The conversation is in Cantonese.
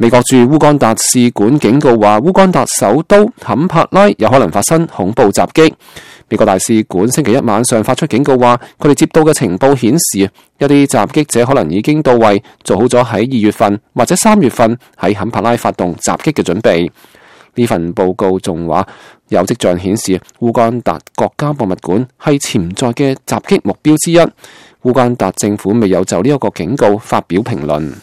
美國駐烏干達使館警告話，烏干達首都坎帕拉有可能發生恐怖襲擊。美國大使館星期一晚上發出警告話，佢哋接到嘅情報顯示，一啲襲擊者可能已經到位，做好咗喺二月份或者三月份喺坎帕拉發動襲擊嘅準備。呢份報告仲話，有跡象顯示烏干達國家博物館係潛在嘅襲擊目標之一。烏干達政府未有就呢一個警告發表評論。